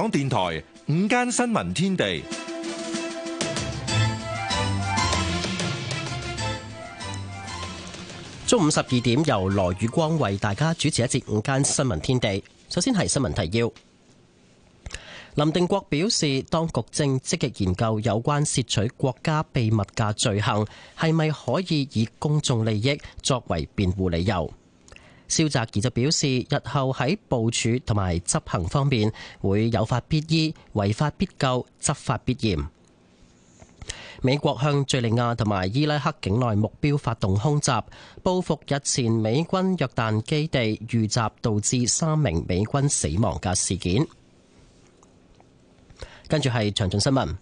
港電台午間新聞天地，中午十二點由羅宇光為大家主持一節午間新聞天地。首先係新聞提要，林定國表示，當局正積極研究有關竊取國家秘密嘅罪行，係咪可以以公眾利益作為辯護理由。蕭澤頤就表示，日後喺部署同埋執行方面會有法必依、違法必究、執法必嚴。美國向敘利亞同埋伊拉克境內目標發動空襲，報復日前美軍約旦基地遇襲導致三名美軍死亡嘅事件。跟住係詳盡新聞。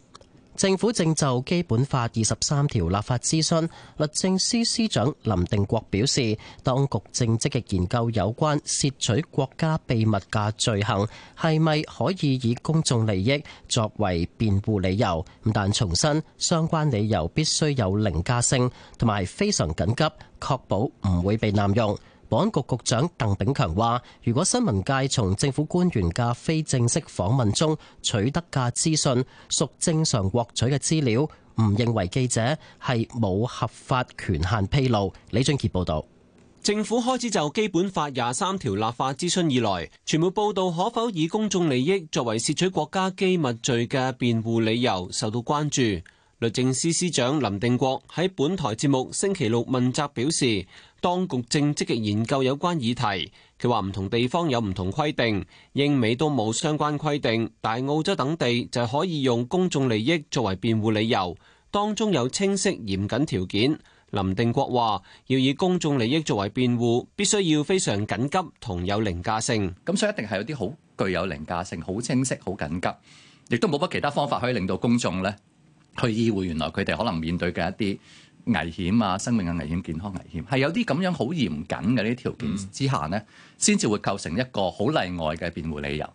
政府正就基本法二十三條立法諮詢，律政司司長林定國表示，當局正積極研究有關竊取國家秘密嘅罪行係咪可以以公眾利益作為辯護理由。咁但重申，相關理由必須有凌駕性同埋非常緊急，確保唔會被濫用。保安局局長鄧炳強話，如果新聞界從政府官員嘅非正式訪問中取得嘅資訊屬正常獲取嘅資料，唔認為記者係冇合法權限披露。李俊傑報道。政府開始就《基本法》廿三條立法諮詢以來，傳媒報道可否以公眾利益作為竊取國家機密罪嘅辯護理由，受到關注。律政司司長林定國喺本台節目星期六問責表示，當局正積極研究有關議題。佢話唔同地方有唔同規定，英美都冇相關規定，但澳洲等地就可以用公眾利益作為辯護理由。當中有清晰嚴謹條件。林定國話：要以公眾利益作為辯護，必須要非常緊急同有凌駕性。咁所以一定係有啲好具有凌駕性、好清晰、好緊急，亦都冇乜其他方法可以令到公眾呢去醫護原來佢哋可能面對嘅一啲危險啊！生命嘅危險、，健康危險，係有啲咁樣好嚴謹嘅呢啲條件之下呢先至會構成一個好例外嘅辯護理由。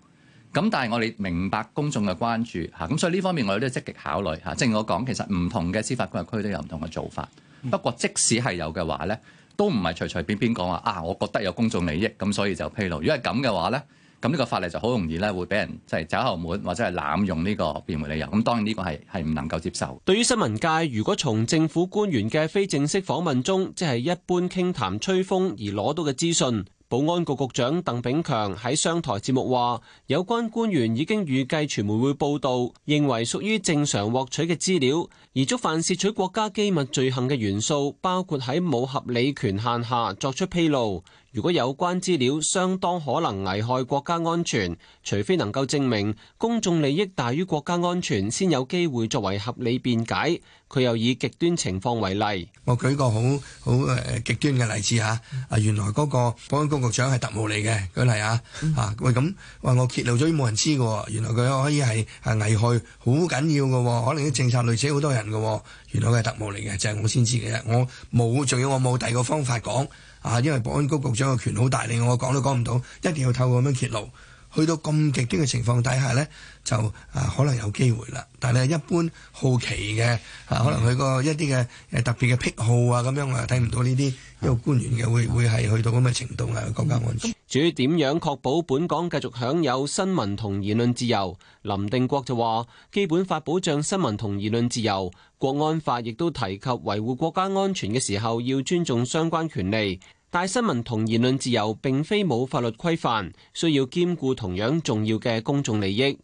咁但係我哋明白公眾嘅關注嚇，咁、啊、所以呢方面我哋都積極考慮嚇、啊。正如我講，其實唔同嘅司法管轄區都有唔同嘅做法。嗯、不過即使係有嘅話呢都唔係隨隨便便講話啊！我覺得有公眾利益咁，所以就披露。如果係咁嘅話呢。咁呢個法例就好容易咧，會俾人即係走後門或者係濫用呢個辯護理由。咁當然呢個係係唔能夠接受。對於新聞界，如果從政府官員嘅非正式訪問中，即係一般傾談吹風而攞到嘅資訊。保安局局長鄧炳強喺商台節目話，有關官員已經預計傳媒會報道，認為屬於正常獲取嘅資料，而觸犯竊取國家機密罪行嘅元素，包括喺冇合理權限下作出披露。如果有關資料相當可能危害國家安全，除非能夠證明公眾利益大於國家安全，先有機會作為合理辯解。佢又以極端情況為例，我舉個好好誒極端嘅例子吓，啊原來嗰個保安局局長係特務嚟嘅，舉例啊，啊喂咁，話我揭露咗冇人知嘅，原來佢可以係危害好緊要嘅，可能啲政策累死好多人嘅，原來佢係特務嚟嘅，就係我先知嘅啫，我冇，仲要我冇第二個方法講啊，因為保安局局長嘅權好大，你我講都講唔到，一定要透過咁樣揭露。去到咁極端嘅情況底下呢，就啊可能有機會啦。但係一般好奇嘅啊，的可能佢個一啲嘅特別嘅癖好啊咁樣，我又睇唔到呢啲有官員嘅會會係去到咁嘅程度啊，國家安全。至於點樣確保本港繼續享有新聞同言論自由，林定國就話基本法保障新聞同言論自由，國安法亦都提及維護國家安全嘅時候要尊重相關權利。大新聞同言論自由並非冇法律規範，需要兼顧同樣重要嘅公眾利益。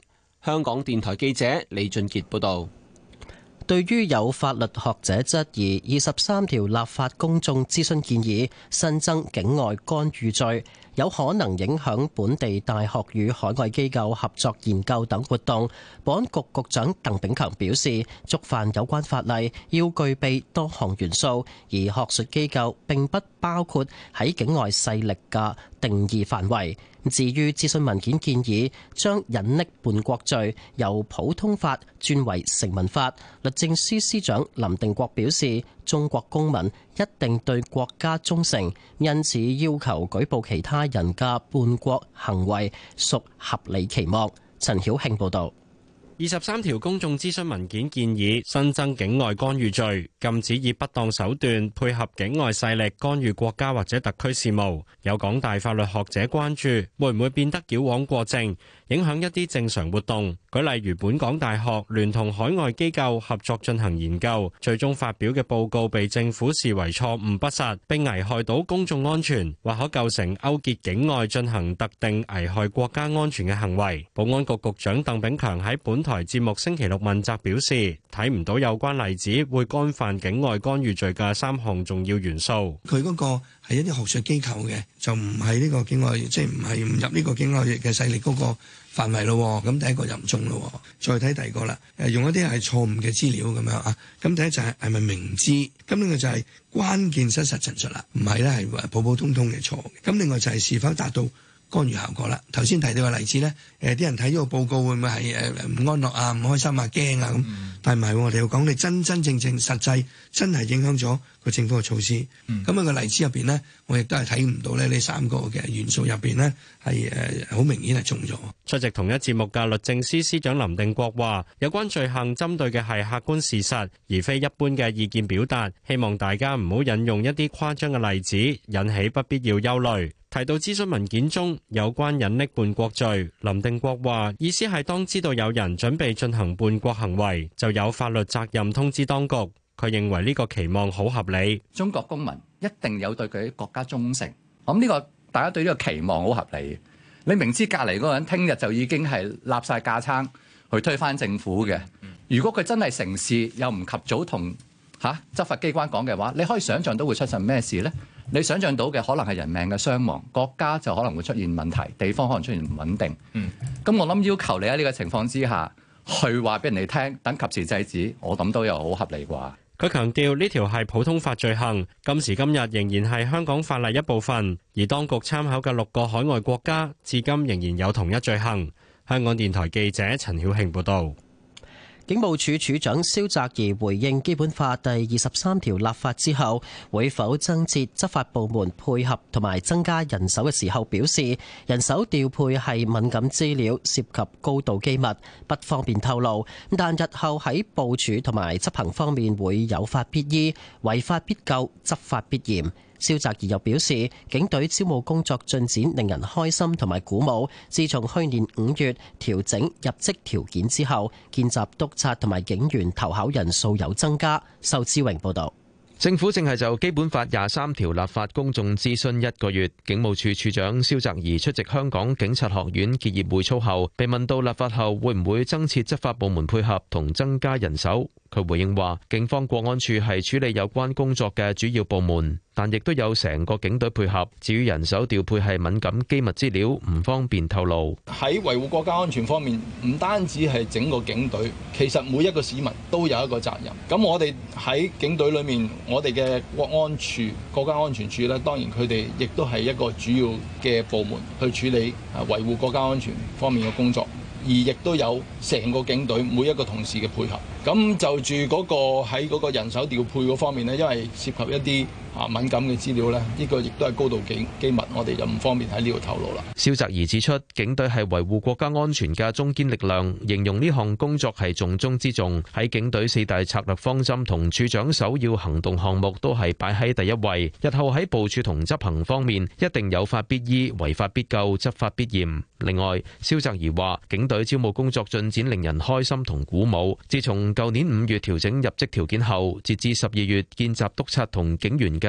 香港電台記者李俊傑報導，對於有法律學者質疑，二十三條立法公眾諮詢建議新增境外干預罪，有可能影響本地大學與海外機構合作研究等活動。保安局局長鄧炳強表示，觸犯有關法例要具備多項元素，而學術機構並不包括喺境外勢力嘅定義範圍。至於諮詢文件建議將隱匿叛國罪由普通法轉為成文法，律政司司長林定國表示：中國公民一定對國家忠誠，因此要求舉報其他人嘅叛國行為屬合理期望。陳曉慶報導。二十三條公眾諮詢文件建議新增境外干預罪，禁止以不當手段配合境外勢力干預國家或者特區事務。有港大法律學者關注，會唔會變得矯枉過正？影響一啲正常活動，舉例如本港大學聯同海外機構合作進行研究，最終發表嘅報告被政府視為錯誤不實，並危害到公眾安全，或可構成勾結境外進行特定危害國家安全嘅行為。保安局局長鄧炳強喺本台節目星期六問責表示，睇唔到有關例子會干犯境外干預罪嘅三項重要元素。佢嗰個係一啲學術機構嘅，就唔係呢個境外，即係唔係唔入呢個境外嘅勢力嗰個範圍咯，咁第一個嚴重咯，再睇第二個啦。誒，用一啲係錯誤嘅資料咁樣啊，咁第一就係係咪明知？咁另外就係關鍵事實陳述啦，唔係啦，係普普通通嘅錯。咁另外就係是，是否達到？干預效果啦，頭先提到個例子咧，誒啲人睇到個報告會唔會係誒唔安樂啊、唔開心啊、驚啊咁？但係唔係我哋要講，你真真正正實際真係影響咗個政府嘅措施。咁喺個例子入邊咧，我亦都係睇唔到咧呢三個嘅元素入邊咧係誒好明顯係重咗。出席同一節目嘅律政司司長林定國話：有關罪行針對嘅係客觀事實，而非一般嘅意見表達。希望大家唔好引用一啲誇張嘅例子，引起不必要憂慮。提到諮詢文件中有關隱匿叛國罪，林定國話：意思係當知道有人準備進行叛國行為，就有法律責任通知當局。佢認為呢個期望好合理。中國公民一定有對佢國家忠誠，咁呢、呢個大家對呢個期望好合理。你明知隔離嗰個人聽日就已經係立晒架撐去推翻政府嘅，如果佢真係成事又唔及早同嚇、啊、執法機關講嘅話，你可以想象到會出曬咩事呢？你想像到嘅可能係人命嘅傷亡，國家就可能會出現問題，地方可能出現唔穩定。咁我諗要求你喺呢個情況之下，去話俾人哋聽，等及時制止，我諗都有好合理啩。佢強調呢條係普通法罪行，今時今日仍然係香港法例一部分，而當局參考嘅六個海外國家至今仍然有同一罪行。香港電台記者陳曉慶報導。警務處處長蕭澤頤回應《基本法》第二十三條立法之後會否增設執法部門配合同埋增加人手嘅時候，表示人手調配係敏感資料，涉及高度機密，不方便透露。但日後喺部署同埋執行方面會有法必依，違法必究，執法必嚴。蕭澤頤又表示，警隊招募工作進展令人開心同埋鼓舞。自從去年五月調整入職條件之後，見習督察同埋警員投考人數有增加。受志榮報道。政府正係就基本法廿三條立法，公眾諮詢一個月。警務處處長蕭澤頤出席香港警察學院結業會操後，被問到立法後會唔會增設執法部門配合同增加人手。佢回應話：警方國安處係處理有關工作嘅主要部門，但亦都有成個警隊配合。至於人手調配係敏感機密資料，唔方便透露。喺維護國家安全方面，唔單止係整個警隊，其實每一個市民都有一個責任。咁我哋喺警隊裏面，我哋嘅國安處、國家安全處呢，當然佢哋亦都係一個主要嘅部門去處理維護國家安全方面嘅工作。而亦都有成個警隊每一個同事嘅配合，咁就住嗰個喺嗰個人手調配嗰方面咧，因為涉及一啲敏感嘅資料呢，呢個亦都係高度機密，我哋就唔方便喺呢度透露啦。蕭澤頤指出，警隊係維護國家安全嘅中堅力量，形容呢項工作係重中之重。喺警隊四大策略方針同處長首要行動項目都係擺喺第一位。日後喺部署同執行方面，一定有法必依、違法必究、執法必嚴。另外，蕭澤頤話，警隊招募工作進展令人開心同鼓舞。自從舊年五月調整入職條件後，截至十二月見習督察同警員嘅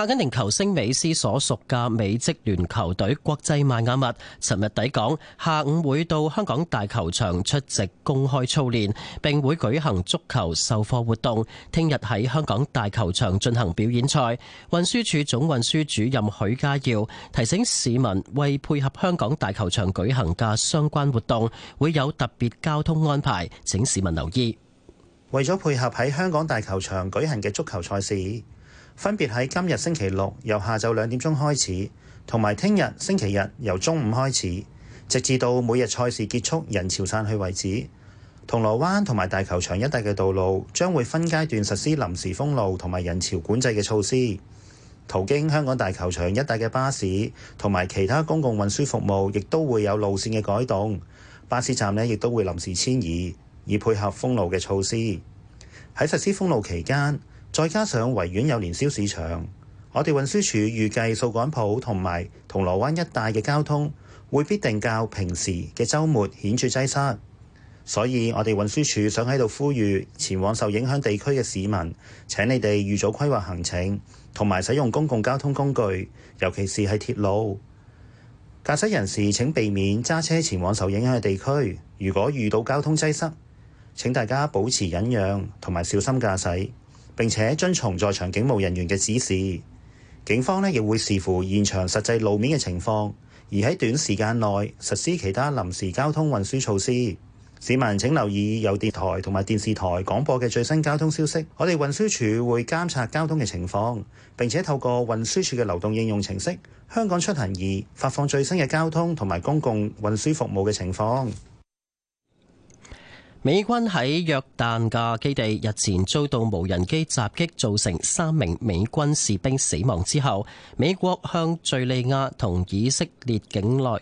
阿根廷球星美斯所屬嘅美職聯球隊國際邁阿密，尋日抵港，下午會到香港大球場出席公開操練，並會舉行足球授課活動。聽日喺香港大球場進行表演賽。運輸署總運輸主任許家耀提醒市民，為配合香港大球場舉行嘅相關活動，會有特別交通安排，請市民留意。為咗配合喺香港大球場舉行嘅足球賽事。分別喺今日星期六由下晝兩點鐘開始，同埋聽日星期日由中午開始，直至到每日賽事結束人潮散去為止。銅鑼灣同埋大球場一帶嘅道路將會分階段實施臨時封路同埋人潮管制嘅措施。途經香港大球場一帶嘅巴士同埋其他公共運輸服務，亦都會有路線嘅改動。巴士站呢亦都會臨時遷移，以配合封路嘅措施。喺實施封路期間，再加上維園有年宵市場，我哋運輸署預計掃桿埔同埋銅鑼灣一帶嘅交通會必定較平時嘅週末顯著擠塞，所以我哋運輸署想喺度呼籲前往受影響地區嘅市民，請你哋預早規劃行程，同埋使用公共交通工具，尤其是係鐵路。駕駛人士請避免揸車前往受影響嘅地區。如果遇到交通擠塞，請大家保持忍讓同埋小心駕駛。並且遵從在場警務人員嘅指示，警方咧亦會視乎現場實際路面嘅情況，而喺短時間內實施其他臨時交通運輸措施。市民請留意有電台同埋電視台廣播嘅最新交通消息。我哋運輸署會監察交通嘅情況，並且透過運輸署嘅流動應用程式《香港出行易》發放最新嘅交通同埋公共運輸服務嘅情況。美軍喺約旦嘅基地日前遭到無人機襲擊，造成三名美軍士兵死亡之後，美國向敍利亞同以色列境內。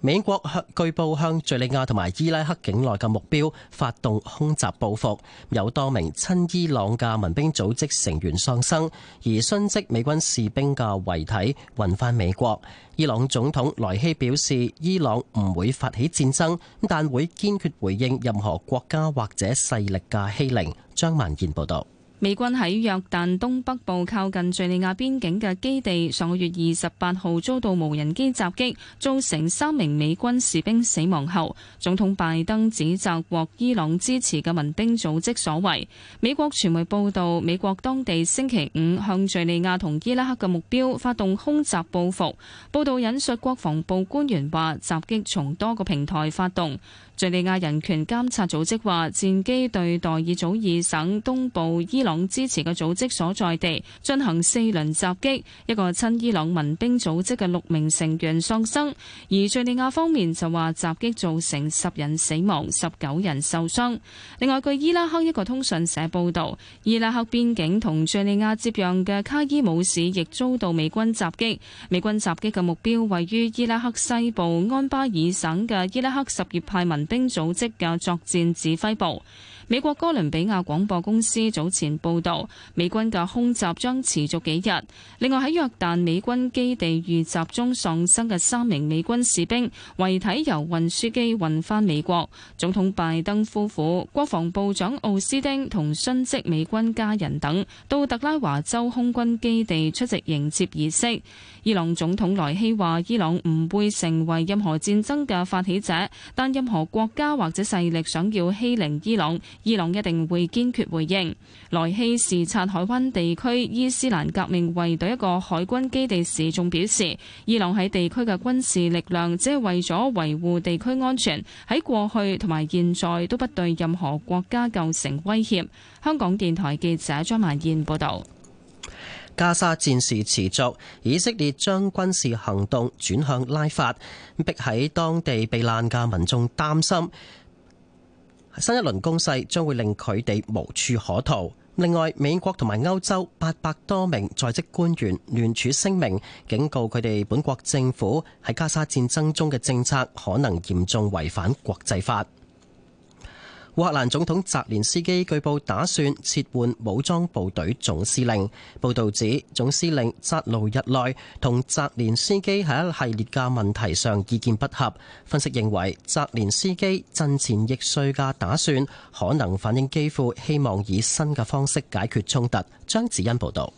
美國向據報向敘利亞同埋伊拉克境內嘅目標發動空襲報復，有多名親伊朗嘅民兵組織成員喪生，而殉職美軍士兵嘅遺體運翻美國。伊朗總統萊希表示，伊朗唔會發起戰爭，但會堅決回應任何國家或者勢力嘅欺凌。張曼燕報道。美軍喺約旦東北部靠近敍利亞邊境嘅基地上個月二十八號遭到無人機襲擊，造成三名美軍士兵死亡後，總統拜登指責獲伊朗支持嘅民兵組織所為。美國傳媒報道，美國當地星期五向敍利亞同伊拉克嘅目標發動空襲報復。報道引述國防部官員話：襲擊從多個平台發動。敍利亞人權監察組織話，戰機對代爾祖爾省東部伊朗支持嘅組織所在地進行四輪襲擊，一個親伊朗民兵組織嘅六名成員喪生。而敍利亞方面就話襲擊造成十人死亡，十九人受傷。另外，據伊拉克一個通訊社報導，伊拉克邊境同敘利亞接壤嘅卡伊姆市亦遭到美軍襲擊。美軍襲擊嘅目標位於伊拉克西部安巴爾省嘅伊拉克什葉派民兵組織嘅作戰指揮部。美國哥倫比亞廣播公司早前報導，美軍嘅空襲將持續幾日。另外喺約旦美軍基地遇襲中喪生嘅三名美軍士兵遺體由運輸機運返美國。總統拜登夫婦、國防部長奧斯丁同殉職美軍家人等到特拉華州空軍基地出席迎接儀式。伊朗總統萊希話：伊朗唔會成為任何戰爭嘅發起者，但任何國家或者勢力想要欺凌伊朗。伊朗一定會堅決回應。萊希視察海灣地區伊斯蘭革命衛隊一個海軍基地時，仲表示，伊朗喺地區嘅軍事力量只係為咗維護地區安全，喺過去同埋現在都不對任何國家構成威脅。香港電台記者張曼燕報導。加沙戰事持續，以色列將軍事行動轉向拉法，逼喺當地避難嘅民眾擔心。新一輪攻勢將會令佢哋無處可逃。另外，美國同埋歐洲八百多名在職官員聯署聲明，警告佢哋本國政府喺加沙戰爭中嘅政策可能嚴重違反國際法。烏克蘭總統澤連斯基據報打算撤換武裝部隊總司令。報道指，總司令扎盧日內同澤連斯基喺一系列嘅問題上意見不合。分析認為，澤連斯基陣前易帥嘅打算可能反映基輔希望以新嘅方式解決衝突。張子欣報道。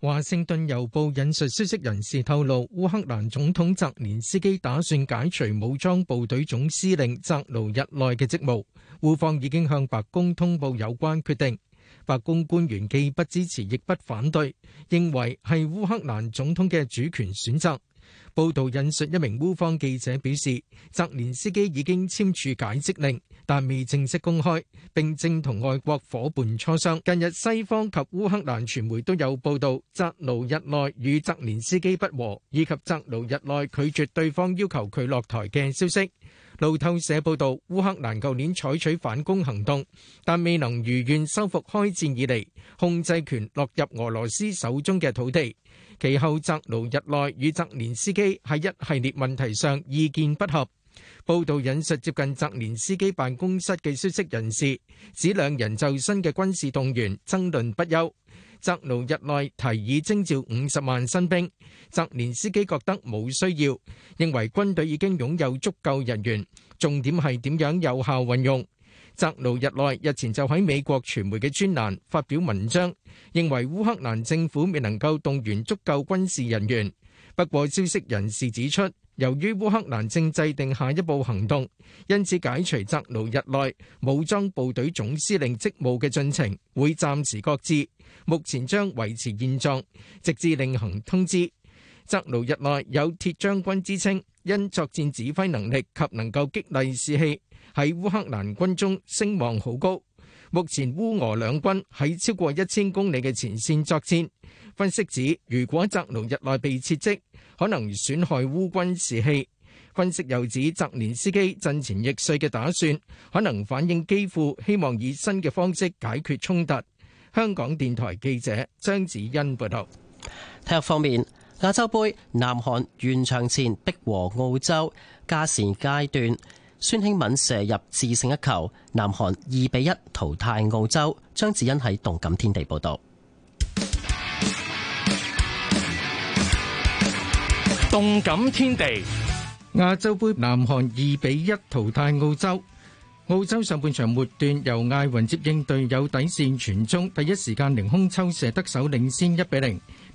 華盛頓郵報引述消息人士透露，烏克蘭總統澤連斯基打算解除武裝部隊總司令澤盧日內嘅職務，烏方已經向白宮通報有關決定。白宮官員既不支持亦不反對，認為係烏克蘭總統嘅主權選擇。報道引述一名烏方記者表示，澤連斯基已經簽署解職令，但未正式公開，並正同外國伙伴磋商。近日西方及烏克蘭傳媒都有報道，澤魯日內與澤連斯基不和，以及澤魯日內拒絕對方要求佢落台嘅消息。路透社報道，烏克蘭舊年採取反攻行動，但未能如願收復開戰以嚟控制權落入俄羅斯手中嘅土地。其後澤魯日內與澤連斯基喺一系列問題上意見不合。報道引述接近澤連斯基辦公室嘅消息人士，指兩人就新嘅軍事動員爭論不休。澤魯日內提議徵召五十萬新兵，澤連斯基覺得冇需要，認為軍隊已經擁有足夠人員，重點係點樣有效運用。扎魯日內日前就喺美國傳媒嘅專欄發表文章，認為烏克蘭政府未能夠動員足夠軍事人員。不過，消息人士指出，由於烏克蘭正制定下一步行動，因此解除扎魯日內武裝部隊總司令職務嘅進程會暫時擱置，目前將維持現狀，直至另行通知。扎魯日內有鐵將軍之稱，因作戰指揮能力及能夠激勵士氣。喺烏克蘭軍中聲望好高。目前烏俄兩軍喺超過一千公里嘅前線作戰。分析指，如果扎盧日內被撤職，可能損害烏軍士氣。分析又指，澤連斯基陣前易帥嘅打算，可能反映基輔希望以新嘅方式解決衝突。香港電台記者張子欣報道。體育方面，亞洲盃南韓完場前逼和澳洲，加時階段。孫興敏射入致勝一球，南韓二比一淘汰澳洲。張子欣喺動感天地報道。動感天地，亞洲盃南韓二比一淘汰澳洲。澳洲上半場末段由艾雲接應隊友底線傳中，第一時間凌空抽射得手，領先一比零。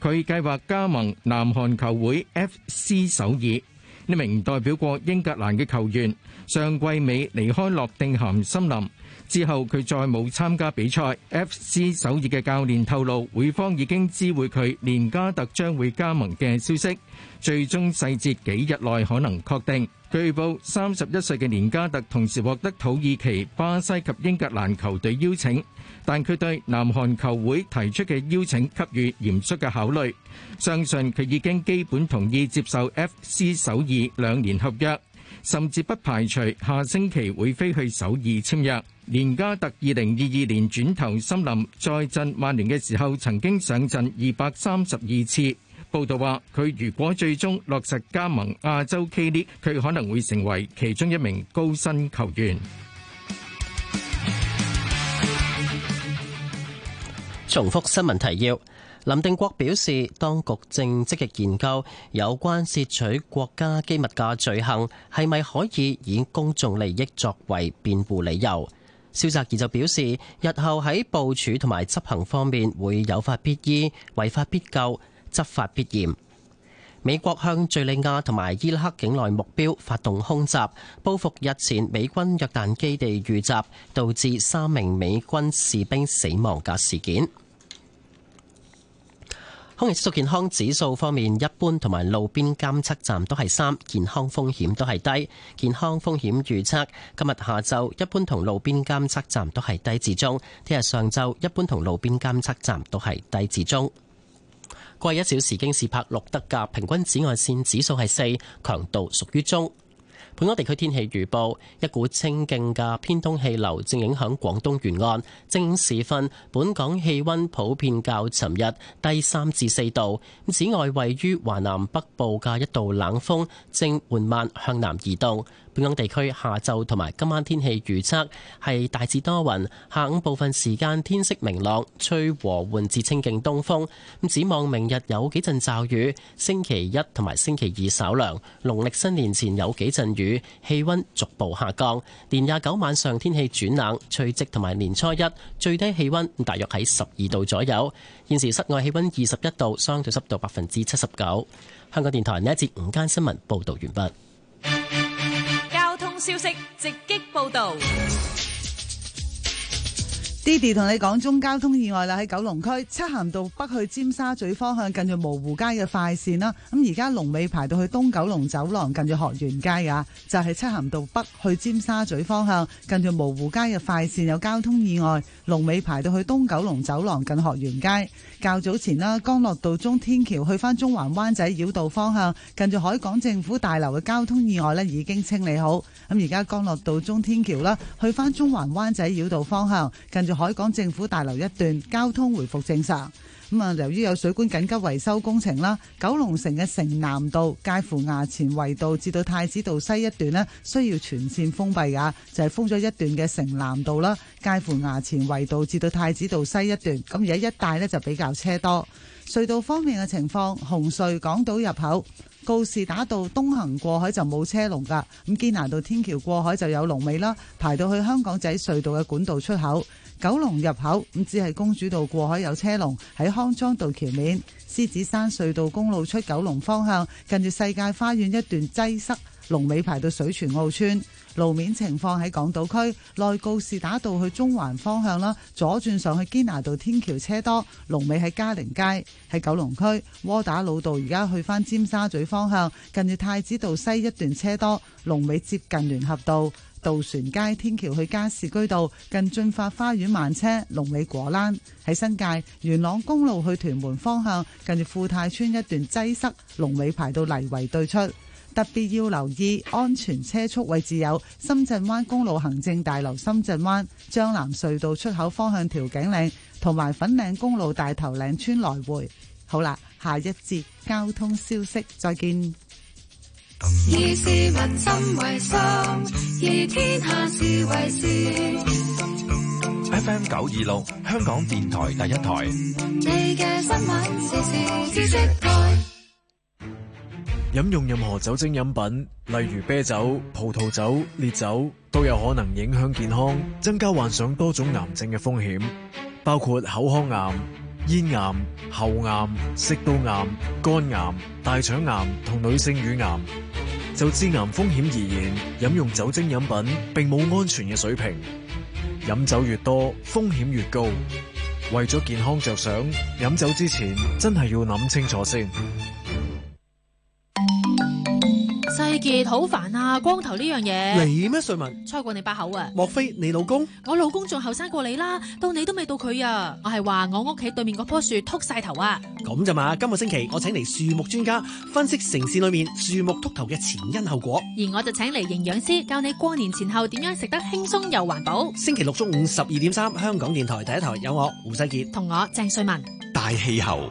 佢計劃加盟南韓球會 FC 首爾。呢名代表過英格蘭嘅球員，上季尾離開諾定咸森林之後，佢再冇參加比賽。FC 首爾嘅教練透露，會方已經知會佢連加特將會加盟嘅消息，最終細節幾日內可能確定。據報，三十一歲嘅連加特同時獲得土耳其、巴西及英格蘭球隊邀請。但佢對南韓球會提出嘅邀請給予嚴肅嘅考慮，相信佢已經基本同意接受 FC 首爾兩年合約，甚至不排除下星期會飛去首爾簽約。連加特2022年轉投森林，再陣曼聯嘅時候，曾經上陣232次。報道話佢如果最終落實加盟亞洲 K 聯，佢可能會成為其中一名高薪球員。重複新聞提要。林定國表示，當局正積極研究有關竊取國家機密嘅罪行係咪可以以公眾利益作為辯護理由。蕭澤頤就表示，日後喺部署同埋執行方面會有法必依、違法必究、執法必嚴。美國向敘利亞同埋伊拉克境內目標發動空襲，報復日前美軍約旦基地遇襲導致三名美軍士兵死亡嘅事件。空氣質素健康指數方面，一般同埋路邊監測站都係三，健康風險都係低。健康風險預測，今日下晝一般同路邊監測站都係低至中，聽日上晝一般同路邊監測站都係低至中。過去一小時京士柏錄得嘅，平均紫外線指數係四，強度屬於中。本港地區天氣預報：一股清勁嘅偏東氣流正影響廣東沿岸。正午時分，本港氣溫普遍較尋日低三至四度。此外，位於華南北部嘅一道冷鋒正緩慢向南移動。本港地區下晝同埋今晚天氣預測係大致多雲，下午部分時間天色明朗，吹和緩至清勁東風。咁展望明日有幾陣驟雨，星期一同埋星期二稍涼，農曆新年前有幾陣雨，氣温逐步下降。年廿九晚上天氣轉冷，吹積同埋年初一最低氣温大約喺十二度左右。現時室外氣温二十一度，相對濕度百分之七十九。香港電台呢一節午間新聞報導完畢。消息直擊報導。Didi 同你講中交通意外啦，喺九龍區漆咸道北去尖沙咀方向，近住蕪湖街嘅快線啦。咁而家龍尾排到去東九龍走廊，近住學園街啊，就係、是、漆咸道北去尖沙咀方向，近住蕪湖街嘅快線有交通意外，龍尾排到去東九龍走廊近學園街。較早前啦，干諾道中天橋去翻中環灣仔繞道方向，近住海港政府大樓嘅交通意外呢已經清理好。咁而家干諾道中天橋啦，去翻中環灣仔繞道方向，近住。海港政府大樓一段交通回復正常。咁啊，由於有水管緊急維修工程啦，九龍城嘅城南道、介乎衙前圍道至到太子道西一段咧，需要全線封閉㗎，就係封咗一段嘅城南道啦，介乎衙前圍道至到太子道西一段。咁而家一帶咧就比較車多。隧道方面嘅情況，紅隧港島入口告士打道東行過海就冇車龍㗎，咁堅拿道天橋過海就有龍尾啦，排到去香港仔隧道嘅管道出口。九龍入口唔只係公主道過海有車龍，喺康莊道橋面、獅子山隧道公路出九龍方向，近住世界花園一段擠塞，龍尾排到水泉澳村。路面情況喺港島區，內告士打道去中環方向啦，左轉上去堅拿道天橋車多，龍尾喺加寧街，喺九龍區。窩打老道而家去返尖沙咀方向，近住太子道西一段車多，龍尾接近聯合道。渡船街天橋去加士居道，近駿發花園慢車，龍尾果欄。喺新界，元朗公路去屯門方向，近住富泰村一段擠塞，龍尾排到泥圍對出。特別要留意安全車速位置，有深圳灣公路行政大樓、深圳灣江南隧道出口方向、調景嶺同埋粉嶺公路大頭嶺村來回。好啦，下一節交通消息，再見。以市民心為心，以天下事為事。FM 九二六，26，香港電台第一台。你嘅新聞時事知識台。飲用任何酒精飲品，例如啤酒、葡萄酒、烈酒，酒，都有可能影響健康，增加患上多種癌症嘅風險，包括口腔癌、咽癌、喉癌、食道癌，癌、肝癌、大腸癌同女性乳癌。就致癌風險而言，飲用酒精飲品並冇安全嘅水平，飲酒越多風險越高。為咗健康着想，飲酒之前真係要諗清楚先。葉好煩啊，光頭呢樣嘢你咩？瑞文吹過你把口啊？莫非你老公？我老公仲後生過你啦，到你都未到佢啊！我係話我屋企對面嗰棵樹禿晒頭啊！咁就嘛，今個星期我請嚟樹木專家分析城市裏面樹木禿頭嘅前因後果，而我就請嚟營養師教你過年前後點樣食得輕鬆又環保。星期六中午十二點三，3, 香港電台第一台有我胡世杰同我鄭瑞文，大氣候。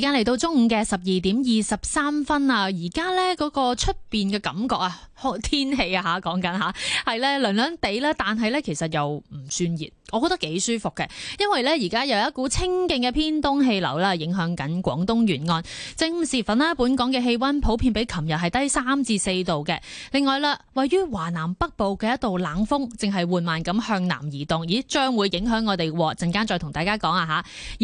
而家嚟到中午嘅十二點二十三分啊。而家咧個出邊嘅感覺啊，天氣啊吓，講緊吓係咧涼涼哋啦，但係咧其實又唔算熱。我覺得幾舒服嘅，因為呢而家有一股清勁嘅偏東氣流啦，影響緊廣東沿岸。正午時分呢，本港嘅氣温普遍比琴日係低三至四度嘅。另外啦，位於華南北部嘅一道冷鋒，正係緩慢咁向南移動，而將會影響我哋喎。陣間再同大家講啊吓。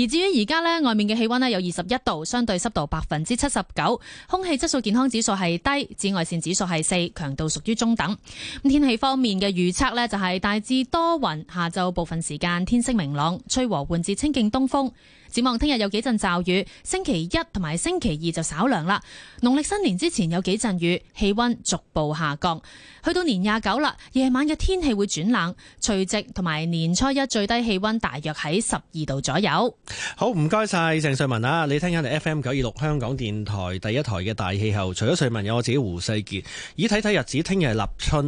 而至於而家呢，外面嘅氣温呢，有二十一度，相對濕度百分之七十九，空氣質素健康指數係低，紫外線指數係四，強度屬於中等。咁天氣方面嘅預測呢，就係大致多雲，下晝部分時間天色明朗，吹和緩至清勁東風。展望聽日有幾陣驟雨，星期一同埋星期二就稍涼啦。農曆新年之前有幾陣雨，氣温逐步下降，去到年廿九啦，夜晚嘅天氣會轉冷，除夕同埋年初一最低氣温大約喺十二度左右。好，唔該晒鄭瑞文啦，你聽緊 FM 九二六香港電台第一台嘅大氣候，除咗瑞文，有我自己胡世杰，咦睇睇日子，聽日係立春。